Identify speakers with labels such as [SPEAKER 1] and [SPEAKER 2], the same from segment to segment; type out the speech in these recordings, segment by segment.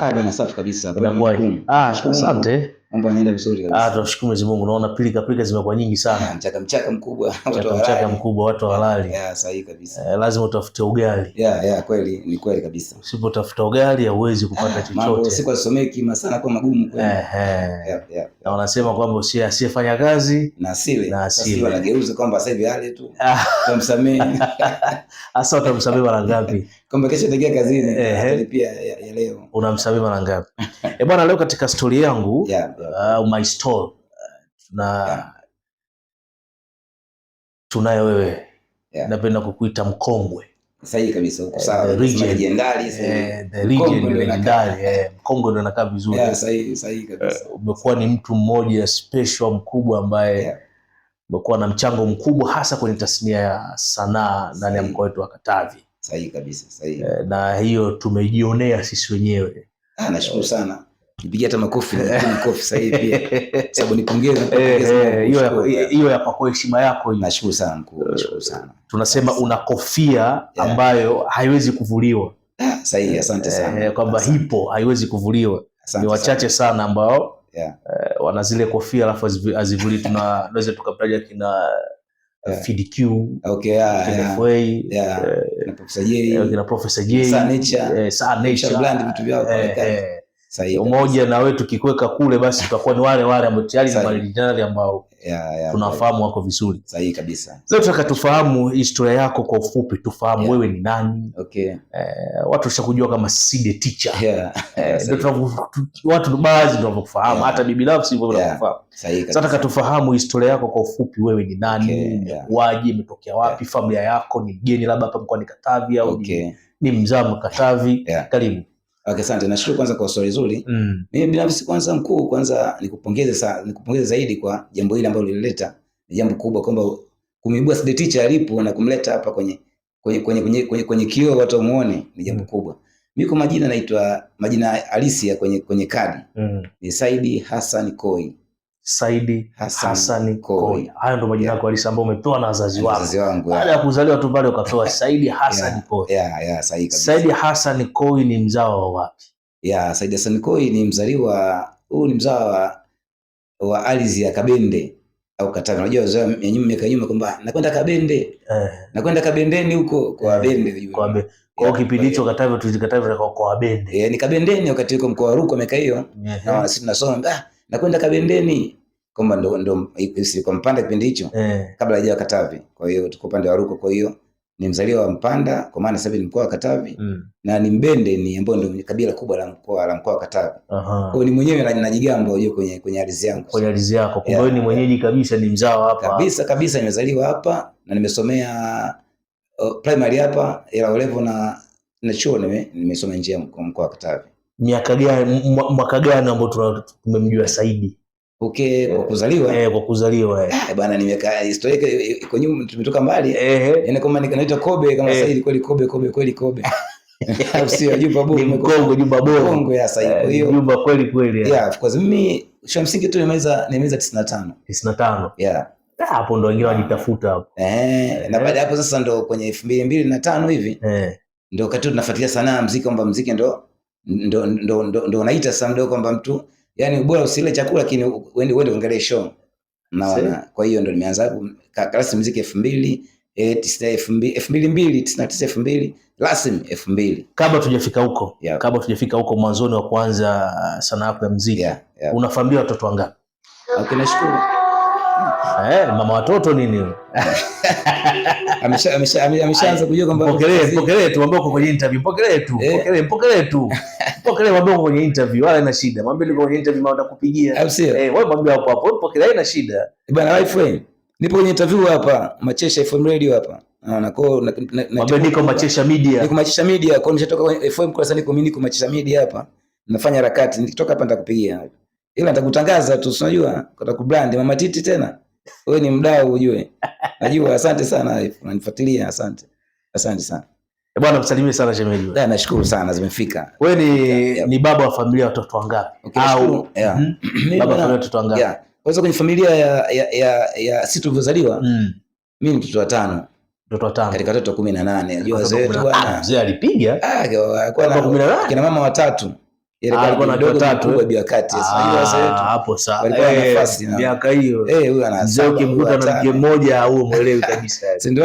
[SPEAKER 1] Ah, bwana safi kabisa. Ah, asante.
[SPEAKER 2] Mambo yanaenda vizuri
[SPEAKER 1] kabisa. Ah, tunashukuru Mwenyezi Mungu. Naona pilika pilika zimekuwa nyingi sana. Ah,
[SPEAKER 2] mchaka mchaka mkubwa
[SPEAKER 1] watu Mchaka mkubwa watu halali.
[SPEAKER 2] Yeah, sahihi kabisa.
[SPEAKER 1] Eh, lazima utafute ugali.
[SPEAKER 2] Yeah, yeah, kweli ni kweli kabisa.
[SPEAKER 1] Usipotafuta ugali hauwezi kupata ah, chochote. Mambo
[SPEAKER 2] si kwa masana kwa magumu kweli.
[SPEAKER 1] Eh, eh. Yeah, yeah. Na wanasema kwamba usiye asiyefanya kazi na asile. Na asile.
[SPEAKER 2] Wanageuza kwamba sasa hivi yale tu. Tumsamehe.
[SPEAKER 1] Asa utamsamehe mara ngapi?
[SPEAKER 2] kwamba kesho nitaingia
[SPEAKER 1] kazini
[SPEAKER 2] pia ya, ya leo.
[SPEAKER 1] Unamsamehe mara ngapi? Eh, bwana leo katika story yangu yeah, Uh, my story uh, tuna yeah. tunayo wewe yeah. Napenda kukuita mkongwe.
[SPEAKER 2] Sahihi kabisa, uko eh, sawa. The eh,
[SPEAKER 1] the legend legend Mkongwe ndio anakaa eh, vizuri.
[SPEAKER 2] yeah, Sahihi, sahihi kabisa.
[SPEAKER 1] Umekuwa ni mtu mmoja special mkubwa ambaye yeah umekuwa na mchango mkubwa hasa kwenye tasnia ya sanaa ndani ya mkoa wetu wa Katavi.
[SPEAKER 2] Sahihi kabisa, sahihi.
[SPEAKER 1] Eh, na hiyo tumejionea sisi wenyewe.
[SPEAKER 2] Ah, nashukuru sana. Nipigie hata makofi na makofi sahihi pia. Sababu nipongeze,
[SPEAKER 1] nipongeze. Eh, eh, hiyo hiyo ya kwako heshima yako hiyo.
[SPEAKER 2] Nashukuru sana mkuu,
[SPEAKER 1] nashukuru sana. Tunasema una kofia ambayo haiwezi kuvuliwa.
[SPEAKER 2] Ah, sahihi, asante sana.
[SPEAKER 1] Kwamba hipo haiwezi kuvuliwa. Ni wachache sana ambao yeah, uh, wana zile kofia alafu azivuli, tunaweza tukataja kina Eh. FDQ
[SPEAKER 2] okay, yeah,
[SPEAKER 1] NFA eh, J
[SPEAKER 2] eh,
[SPEAKER 1] Sir Nature
[SPEAKER 2] vitu vyao Sahihi.
[SPEAKER 1] Umoja na wewe tukikweka kule basi tutakuwa ni wale wale ambao tayari ni maridadi ambao tunafahamu wako vizuri.
[SPEAKER 2] Sahihi kabisa.
[SPEAKER 1] Sasa tutaka tufahamu historia yako kwa ufupi, tufahamu yeah. Wewe ni nani? Okay. Eh, watu washakujua kama Side Teacher. Yeah. Eh, tu, watu baadhi ndio wanakufahamu hata bibi nafsi hivyo wanakufahamu. Sahihi kabisa. Sasa tunataka tufahamu historia yako kwa ufupi, wewe ni nani? Umekuaje? Okay. Umetokea wapi? Yeah. Familia yako ni mgeni labda hapa mkoani Katavi au okay. ni ni mzaa Katavi?
[SPEAKER 2] Yeah. Karibu. Okay, asante. Nashukuru kwanza kwa swali zuri. Mm. binafsi kwanza mkuu, kwanza nikupongeze sana, nikupongeze zaidi kwa jambo hili ambalo ulileta. Ni jambo kubwa kwamba kumibua Side Teacher alipo na kumleta hapa kwenye kwenye kwenye kwenye, kwenye, kwenye kioo watu muone ni jambo mm. kubwa. Mimi kwa majina naitwa majina halisi ya kwenye kwenye kadi. Mm. Ni Saidi Hassan Koi.
[SPEAKER 1] Saidi Hasani Koi. Hayo ndo majina yako halisi ambayo umepewa na wazazi wako. Baada ya kuzaliwa tu pale ukapewa Saidi Hasani Koi.
[SPEAKER 2] Yeah, yeah, sahihi kabisa.
[SPEAKER 1] Saidi Hasani Koi ni mzao wa wapi?
[SPEAKER 2] Yeah, Saidi Hasani Koi ni mzaliwa huu ni mzao wa wa ardhi ya Kabende au Katavi. Unajua wazee ya nyuma miaka nyuma kwamba nakwenda Kabende. Eh. Nakwenda Kabendeni huko kwa eh. Bende.
[SPEAKER 1] Kwa Bende. Kwa kipindi hicho Katavi tulizikatavi kwa Bende.
[SPEAKER 2] Eh, ni Kabendeni wakati huko mkoa wa Rukwa miaka hiyo. Na sisi tunasoma ah na kwenda Kabendeni kwamba ndo ndo kwa Mpanda kipindi hicho eh, kabla hajawa Katavi. Kwa hiyo tuko upande wa Ruko, kwa hiyo ni mzaliwa wa Mpanda kwa maana sasa ni mkoa wa Katavi mm, na ni Mbende ni ambao ndio kabila kubwa la mkoa la mkoa wa Katavi. Kwa hiyo ni mwenyewe najigamba hiyo kwenye kwenye ardhi yangu.
[SPEAKER 1] Kwenye ardhi yako. Kwa hiyo ni mwenyeji kabisa, ni mzao hapa.
[SPEAKER 2] Kabisa kabisa nimezaliwa hapa na nimesomea uh, primary hapa ila olevo na na chuo nimesoma nje ya mkoa wa Katavi
[SPEAKER 1] miaka gani mwaka gani ambao tumemjua Saidi?
[SPEAKER 2] Okay, kwa eh, kuzaliwa
[SPEAKER 1] eh, kwa kuzaliwa eh.
[SPEAKER 2] Ah, bwana nimeka historia iko nyuma, tumetoka mbali eh, yani kama nikaitwa Kobe kama eh. Saidi kweli Kobe Kobe kweli Kobe sio Jumba bora
[SPEAKER 1] ni Mkongo Jumba bora
[SPEAKER 2] Mkongo ya Saidi, eh, kwa hiyo
[SPEAKER 1] Jumba kweli kweli eh.
[SPEAKER 2] yeah, of course mimi cha msingi tu nimeweza nimeweza 95 95 yeah
[SPEAKER 1] ah, hapo ndo wengine wajitafuta hapo
[SPEAKER 2] eh, na baada hapo sasa ndo kwenye 2025 hivi eh, ndo wakati tunafuatilia sana muziki kwamba muziki ndo ndo, ndo, ndo, ndo unaita sasa mdogo kwamba mtu yani bora usile chakula lakini uende uende uangalie show. Naona kwa hiyo ndo nimeanza klasi muziki eh, elfu mbili elfu mbili mbili tisini na tisa elfu mbili rasmi elfu mbili
[SPEAKER 1] kabla tujafika huko yeah. kabla tujafika huko mwanzoni wa kuanza sanaa yako ya muziki yeah, yeah. unafamilia watoto wangapi? Okay, nashukuru Eh, mama watoto nini? Ameshaanza kujua kwamba
[SPEAKER 2] pokelee, pokelee tu ambao uko kwenye interview, pokelee tu, eh. pokelee, pokelee tu. Pokelea mwambie kwenye interview wala ina shida. Mwambie niko kwenye interview maana atakupigia. Au sio? Eh, wewe mwambie hapo hapo. Pokelea ina shida. Eh, bwana wife friend, Nipo kwenye interview hapa, Machesha FM Radio hapa. Naona kwa na,
[SPEAKER 1] na, mwambie niko Machesha Media.
[SPEAKER 2] Niko Machesha Media. Kwa kwenye FM kwa sasa niko mimi niko Machesha Media hapa. Nafanya harakati. Nikitoka hapa nitakupigia. Ila nitakutangaza tu, unajua, nitakubrand Mama Titi tena. Wewe ni mdau ujue. Najua, asante sana wife. Unanifuatilia, asante. Asante sana.
[SPEAKER 1] Eh, bwana msalimie sana shemeji. Da,
[SPEAKER 2] eh, nashukuru sana zimefika.
[SPEAKER 1] Wewe ni yeah, yeah. ni baba wa familia ya watoto wangapi?
[SPEAKER 2] Okay, au
[SPEAKER 1] yeah. mm, baba wa familia watoto wangapi?
[SPEAKER 2] Yeah. Kwanza kwenye familia ya ya ya, ya sisi tulivyozaliwa mm. mimi ni mtoto wa tano. Mtoto wa tano. Katika watoto 18. Unajua wazee wetu bwana.
[SPEAKER 1] Mzee alipiga.
[SPEAKER 2] Ah, kwa
[SPEAKER 1] 18. kina mama watatu
[SPEAKER 2] ndio eh,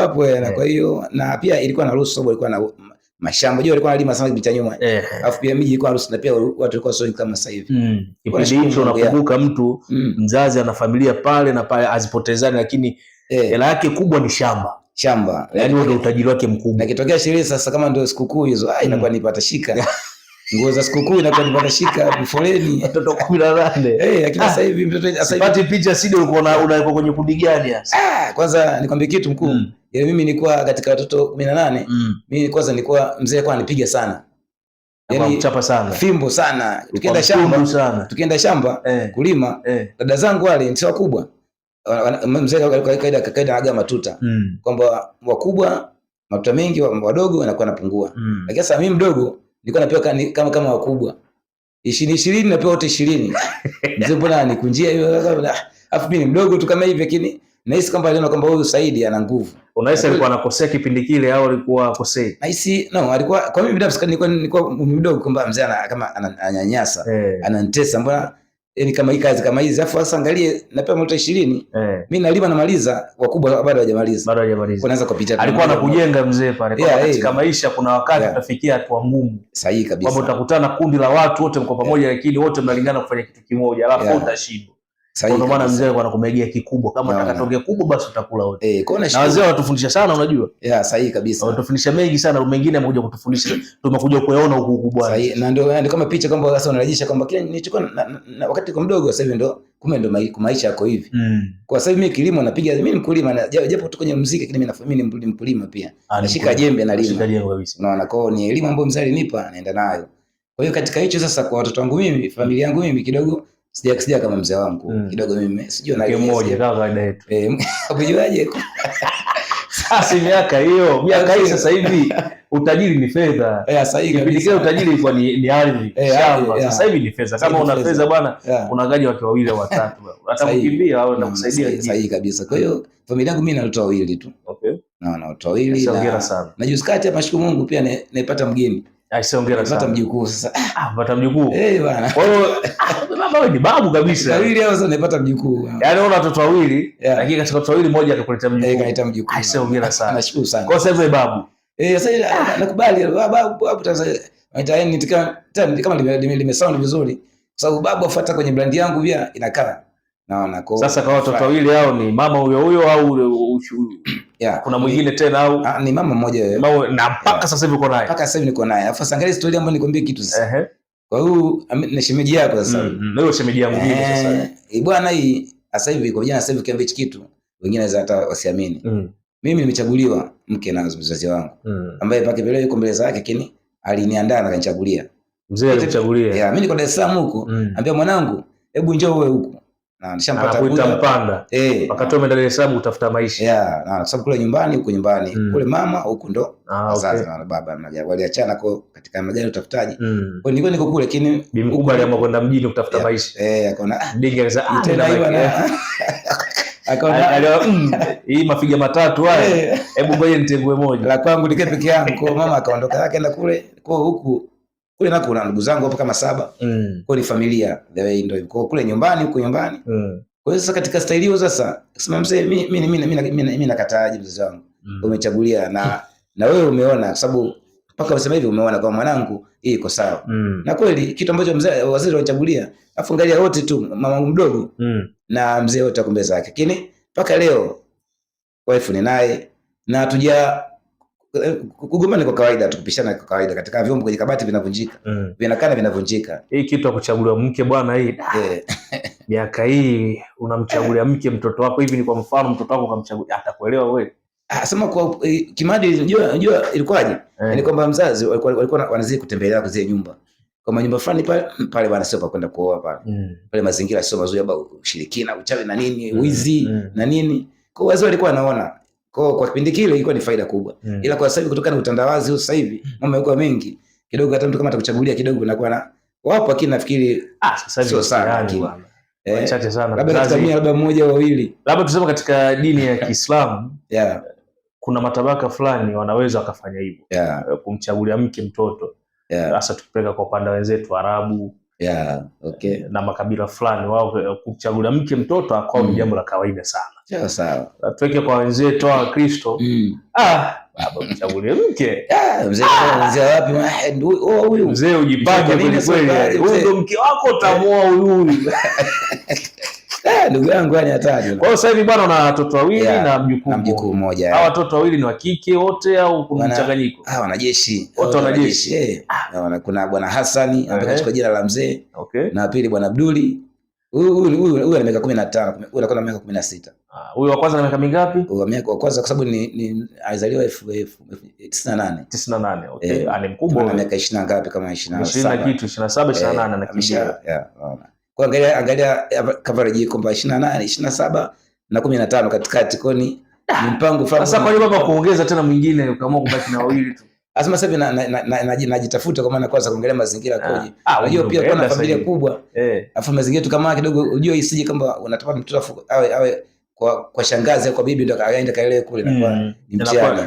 [SPEAKER 2] eh. kwa hiyo na pia ilikuwa na ruhusa sababu ilikuwa na mashamba jua alikuwa analima sana kipita nyuma, eh. pia miji ilikuwa harusi na pia watu walikuwa sio kama sasa hivi
[SPEAKER 1] mm. Kipindi hicho unakumbuka mtu mm. mzazi ana familia pale na pale azipotezani, lakini hela yake kubwa ni shamba shamba, yani ndio utajiri wake mkubwa,
[SPEAKER 2] na kitokea sherehe sasa kama ndio sikukuu hizo, ah, inakuwa nipata shika nguo za sikukuu na kwani wanashika foleni
[SPEAKER 1] watoto 18.
[SPEAKER 2] Eh, lakini sasa ah. hivi mtoto
[SPEAKER 1] sasa hivi pati picha sidi uko na unaiko kwenye kundi gani hasa?
[SPEAKER 2] Ah, kwanza nikwambie kitu mkuu. Mm. Yaani mimi nilikuwa katika watoto 18. Mm. Mimi kwanza nilikuwa mzee kwa anipiga sana.
[SPEAKER 1] Yaani chapa sana.
[SPEAKER 2] Fimbo sana. Tukienda shamba
[SPEAKER 1] sana. Tukienda shamba eh,
[SPEAKER 2] kulima eh, dada zangu wale ni sawa kubwa Mzee kwa kaida kaida aga matuta. Mm. Kwamba wakubwa matuta mengi wadogo wanakuwa napungua. Mm. Lakini sasa mimi mdogo nilikuwa napewa kama kama wakubwa ishirini ishirini napewa wote ishirini mzee mbona anikunjia hiyo afu mimi mdogo tu kama hivi lakini nahisi kwamba aliona kwamba huyu Saidi ana nguvu.
[SPEAKER 1] Unahisi alikuwa anakosea kipindi kile au alikuwa akosei?
[SPEAKER 2] Nahisi no, alikuwa kwa mimi binafsi nilikuwa nilikuwa mdogo kwamba mzee kama ananyanyasa, eh. ananitesa mbona yani kama hii kazi kama hizi, alafu sasa angalie napewa mota 20 eh, mimi nalima namaliza, wakubwa bado hajamaliza, bado hajamaliza, kunaweza kupita.
[SPEAKER 1] Alikuwa anakujenga mzee pale, yeah, katika hey, maisha kuna wakati yeah, utafikia hatua ngumu, sahihi kabisa, kwamba utakutana kundi la watu wote mko pamoja, lakini wote mnalingana kufanya kitu kimoja, alafu utashindwa ndio maana mzee anakumegea kikubwa, kama unataka tonge kubwa basi utakula wote.
[SPEAKER 2] Eh, na wazee
[SPEAKER 1] wanatufundisha sana, unajua.
[SPEAKER 2] Yeah, sahihi kabisa.
[SPEAKER 1] Wanatufundisha mengi sana, mengine amekuja kutufundisha tumekuja kuyaona huku
[SPEAKER 2] Sahihi. Na ndio kama picha kwamba sasa unarejesha kwamba kile nilichokuwa wakati mdogo, sasa hivi ndio kumbe ndio maisha yako hivi. Mm. Kwa sasa hivi mimi kilimo napiga, mimi ni mkulima na japo kwenye muziki, lakini mimi ni mkulima pia. Ah, Nashika jembe na lima. Unaona, ni elimu ambayo mzee alinipa naenda nayo. Kwa hiyo katika hicho sasa, kwa watoto wangu mimi, familia yangu mimi kidogo Sija sija kama mzee wangu mm. Kidogo mimi sijui na
[SPEAKER 1] kimoja kama kawaida yetu
[SPEAKER 2] eh, unajuaje?
[SPEAKER 1] Sasa miaka hiyo miaka hii sasa hivi utajiri ni fedha. Eh, sasa hivi kipindi kile utajiri ilikuwa ni, ni ardhi
[SPEAKER 2] eh, shamba
[SPEAKER 1] yeah. Sasa hivi ni fedha. Kama una fedha bwana yeah. Unagaja watu wawili au watatu hata kukimbia au mm, na kusaidia.
[SPEAKER 2] Sahihi kabisa. Kwa hiyo familia yangu mimi na watu wawili tu okay. Na na watu wawili na, na juskati hapa shukuru Mungu pia naipata mgeni. Aisongera sana. Napata mjukuu sasa.
[SPEAKER 1] Ah, napata mjukuu. Eh, bwana. Kwa hiyo Baba wewe ni babu kabisa.
[SPEAKER 2] Wawili hao sasa naipata mjukuu.
[SPEAKER 1] Yaani una watoto wawili, lakini katika watoto wawili mmoja atakuletea mjukuu.
[SPEAKER 2] Eh, kaita mjukuu. Aisha sasa hongera sana.
[SPEAKER 1] Nashukuru sana. Kwa sababu babu.
[SPEAKER 2] Eh, sasa ah, nakubali babu hapo Tanzania. Yaani nitika kama limesound vizuri. Kwa sababu babu afuata kwenye brand yangu pia inakaa. Naona kwa sasa kwa watoto wawili hao ni mama huyo huyo au yeah, kuna mwingine tena au ah, ni mama mmoja Mama na mpaka Sasa hivi uko naye mpaka sasa hivi niko naye. Afa sangalia story ambayo nikwambie kitu sasa. Uh -huh. Kwa hiyo na shemeji yako sasa. Na mm, hiyo mm, shemeji yangu mimi eh, sasa. Eh, bwana hii sasa hivi kwa vijana sasa hivi kiambi kitu wengine wanaweza hata wasiamini. Mm. Mimi nimechaguliwa mke na mzazi wangu. Mm. Ambaye pake pale yuko mbele zake kini aliniandaa na kanichagulia. Mzee alichagulia. Yeah, mimi niko Dar es Salaam huko. Mm. Ambia mwanangu, hebu njoo wewe huko na eh. kule nyumbani huko nyumbani mm. kule mama huko ndo ah, na baba waliachana kwa katika utafutaji mm. kwa nilikuwa niko kule lakini mkubwa aliamua kwenda mjini kutafuta maisha eh, akaona hii mafiga matatu haya, eh. hebu ngoja moja la kwangu nikae peke yangu. Kwa mama akaondoka akaenda kule kwa huku kule nako kuna ndugu zangu hapo kama saba mm. kwa ni familia the way ndio kwa kule nyumbani huko nyumbani mm. kwa hiyo sasa katika staili hiyo sasa sema mzee mimi mimi mimi mimi nakataaje mzee wangu mm. umechagulia na na wewe umeona kwa sababu mpaka wasema hivi umeona kwa mwanangu hii iko sawa mm. na kweli kitu ambacho mzee waziri alichagulia afu angalia wote tu mama mdogo mm. na mzee wote akombeza yake lakini mpaka leo wife ni naye na tuja Eh, kugombana kwa kawaida tu, kupishana kwa kawaida katika vyombo kwenye kabati vinavunjika, mm. vinakana vinavunjika. Hii kitu ya kuchaguliwa mke bwana, hii eh. miaka hii unamchagulia mke mtoto wako hivi, ni kwa mfano mtoto wako kamchagulia, atakuelewa wewe? Ah, sema kwa eh, kimadi, unajua unajua ilikuwaje? Yeah. Ni kwamba mzazi walikuwa walikuwa wanazidi kutembelea kuzie nyumba kama nyumba fulani pale mm, pale bwana, sio pa kwenda kuoa pale mm. pale mazingira sio mazuri, labda ushirikina, uchawi na nini, mm. wizi mm. na nini. Kwa hiyo wazee walikuwa wanaona kwao kwa kipindi kile ilikuwa ni faida kubwa. Mm. Ila kwa sasa hivi kutokana na utandawazi sasa hivi mm. mambo yako mengi kidogo, hata mtu kama atakuchagulia kidogo inakuwa na wapo, akini nafikiri ah, sasa hivi sio sana. Eh, sana. Labda katika mia labda mmoja au wawili. Labda tuseme katika dini ya Kiislamu yeah. Kuna matabaka fulani wanaweza wakafanya hivyo yeah. Kumchagulia mke mtoto hasa yeah. Tukipeleka kwa upande wenzetu Arabu yeah. Okay. Eh, na makabila fulani wao eh, kumchagulia mke mtoto akwao ni mm. jambo la kawaida sana sawa sawa, tuweke kwa wenzetu toa Kristo. Mm. Ah, baba mchagulie mke ah, mzee. Ah. Mzee wapi? Eh, oh, huyu mzee ujipange kweli, wewe mke wako, huyu. Eh, ndugu yangu yani hatari. Kwa hiyo sasa hivi bwana, una watoto wawili yeah, na mjukuu mmoja. Hao watoto wawili ni wa kike wote au kuna mchanganyiko? Ah, wanajeshi. Wote wanajeshi. Eh. Ah. Kuna bwana ambaye kachukua jina la mzee. Okay. Na pili bwana Abduli. Huyu huyu ana miaka 15, huyu na miaka 16. Ah, Huyo wa kwanza na miaka mingapi? Wa miaka wa kwanza kwa sababu ni, ni alizaliwa 1998. 98. Okay. Eh. Ah, ni mkubwa. Ana miaka 20 ngapi kama 27. 20 kitu 27 28 na kitu. Eh, kwa angalia angalia coverage iko kwamba 28, 27 na 15 katikati kwa ah. ni mpango fulani. Sasa kwa nini baba kuongeza tena mwingine ukaamua kubaki na wawili tu? Asema sasa na najitafuta na, na, na, na, na, na kwa maana kwanza kuangalia mazingira kwa hiyo ah, Unajua pia kuna familia kubwa. Eh. Afu mazingira tu kama kidogo unajua isije kama unataka mtoto awe awe kwa, kwa shangazi kwa bibi ndo kaenda kaile kule na kwa mm.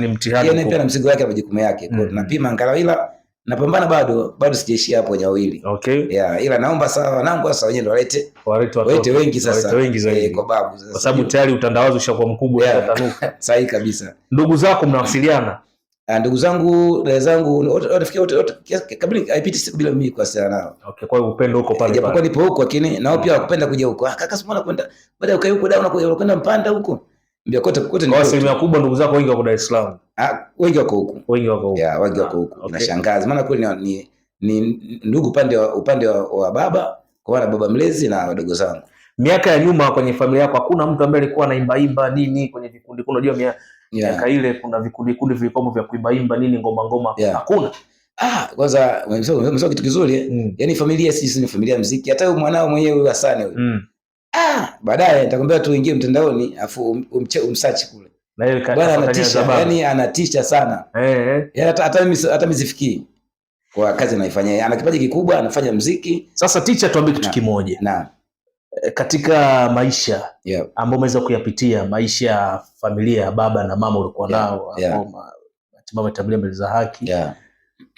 [SPEAKER 2] ni mtihani yeye pia na mzigo wake na majukumu yake kwa mm. tunapima angalau, ila napambana bado bado sijaishia hapo nyawili. Okay, yeah, ila naomba sawa wanangu sasa wenyewe ndo walete walete walete wengi sasa walete wengi zaidi eh, kwa babu sasa, kwa sababu tayari utandawazi ushakuwa mkubwa yeah. tanuka sahihi kabisa. Ndugu zako mnawasiliana Ah, ndugu zangu dada zangu kabla haipiti siku bila mimi kuwasiliana nao. Okay, kwa hiyo upendo huko pale. Japokuwa nipo huko lakini nao pia mm. wakupenda kuja huko. Ah, kaka simona kwenda. baada ukae huko dada unakwenda Mpanda huko. Mbia kote kote ni. Kwa asilimia kubwa ndugu zako wengi wako Dar es Salaam. Ah, wengi wako huko. Wengi wako huko. Yeah, wengi wako ah, huko. Na shangazi maana kweli ni ni ndugu upande wa upande wa baba kwa wana baba mlezi na wadogo zangu. Miaka ya nyuma kwenye familia yako hakuna mtu ambaye alikuwa anaimba imba nini kwenye vikundi kuna unajua miaka yeah. ile kuna vikundi kundi vilikomo vya kuimba imba nini ngoma ngoma yeah. hakuna Ah, kwanza mwanzo mwanzo kitu kizuri eh. mm. yani familia sisi ni familia muziki hata huyo mwanao mwenyewe huyo Hasani huyo mm. Ah, baadaye nitakwambia tu ingie mtandaoni afu um, umsearch um, kule bwana anatisha, yani anatisha sana eh, eh. Yaani hata hata mizifikii kwa kazi anaifanyia, ana kipaji kikubwa, anafanya muziki Sasa teacher tuambie kitu kimoja na katika maisha yeah. ambayo umeweza kuyapitia maisha ya familia ya baba na mama uliokuwa nao yeah. umetambulia mbele za haki yeah.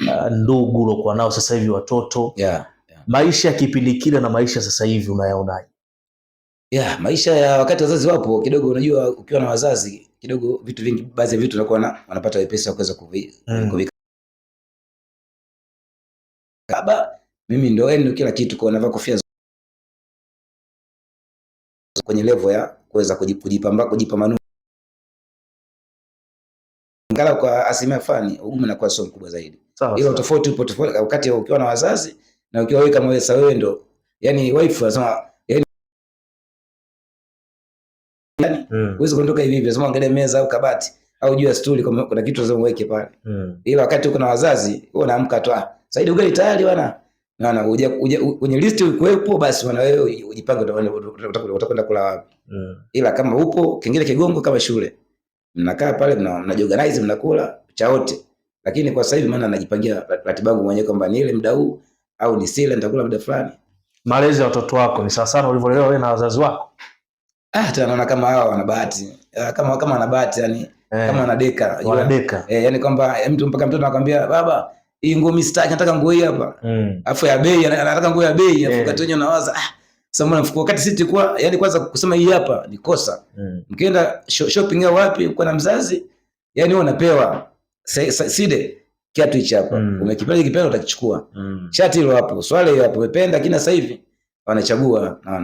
[SPEAKER 2] uh, ndugu uliokuwa nao sasa hivi watoto yeah. Yeah. maisha ya kipindi kile na maisha sasa hivi unayaonaje? Yeah, maisha ya wakati wazazi wapo kidogo, unajua ukiwa na wazazi kidogo vitu vingi, baadhi ya vitu unakuwa wanapata wepesi wa kuweza kuvika. Mm. Baba mimi ndo yani kila kitu, kwa navaa kofia kwenye level ya kuweza kujipamba kujipambanua ngala kwa asilimia fulani, ugumu na kwa sio mkubwa zaidi. Ilo tofauti upo tofauti wakati ukiwa na wazazi na ukiwa wewe kama wewe sasa, wewe ndo yani wife anasema yani mm. uweze kuondoka hivi hivi, anasema angalia meza au kabati au juu ya stuli kuna kitu lazima uweke pale mm. Ila wakati uko na wazazi wewe unaamka tu, ah, Saidi ugali tayari bwana Naona uje kwenye list ukuwepo, basi maana wewe ujipange utakwenda kula wapi. Mm. Ila kama upo kingine kigongo kama shule, mnakaa pale mna, mna organize mnakula cha wote. Lakini kwa sasa hivi maana najipangia ratiba yangu mwenyewe kwamba ni ile muda huu au ni sile nitakula muda fulani. Malezi ya watoto wako ni sawa sana ulivyolelewa wewe na wazazi wako? Ah, tunaona kama hawa wana bahati ah, kama kama wana bahati yani, eh, kama wana deka, wana deka eh, yani kwamba eh, mtu mpaka mtoto anakuambia baba hii nguo mimi sitaki, nataka nguo hii hapa. mm. Afu ya bei, anataka nguo ya bei, afu kati wenyewe nawaza ah, sasa mfuko wakati sisi tulikuwa yani, kwanza kusema hii hapa ni kosa. mm. Mkienda shopping au wapi uko na mzazi, yani wewe unapewa side kiatu hichi hapa. mm. Umekipenda kipenda utakichukua. mm. Shati hilo hapo, swali hapo umependa, kina sasa hivi wanachagua naona